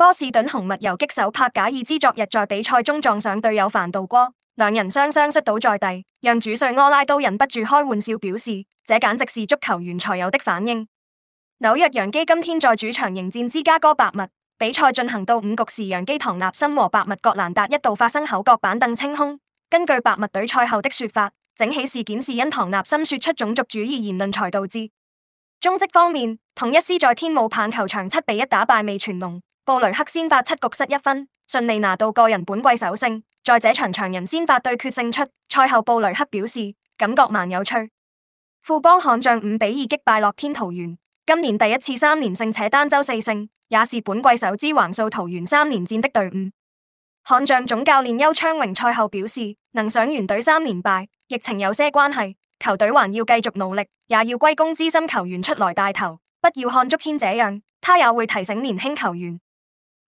波士頓紅襪游擊手帕賈爾茲昨日在比賽中撞上隊友范道哥，兩人雙雙摔倒在地，讓主帥柯拉都忍不住開玩笑表示：這簡直是足球員才有的反應。紐約洋基今天在主場迎戰芝加哥白襪，比賽進行到五局時，洋基唐納森和白襪葛蘭達一度發生口角板凳清空。根據白襪隊賽後的說法，整起事件是因唐納森說出種族主義言論才導致。中職方面，統一獅在天母棒球場七比一打敗味全龍。布雷克先發七局失一分，順利拿到個人本季首勝。在這場長人先發對決勝出，賽後布雷克表示感覺蠻有趣。富邦悍將五比二擊敗樂天桃園，今年第一次三連勝且單周四勝，也是本季首支橫掃桃園三連戰的隊伍。悍將總教練邱昌榮賽後表示，能上完隊三連敗，疫情有些關係，球隊還要繼續努力，也要歸功資深球員出來帶頭。不要看竹軒這樣，他也會提醒年輕球員。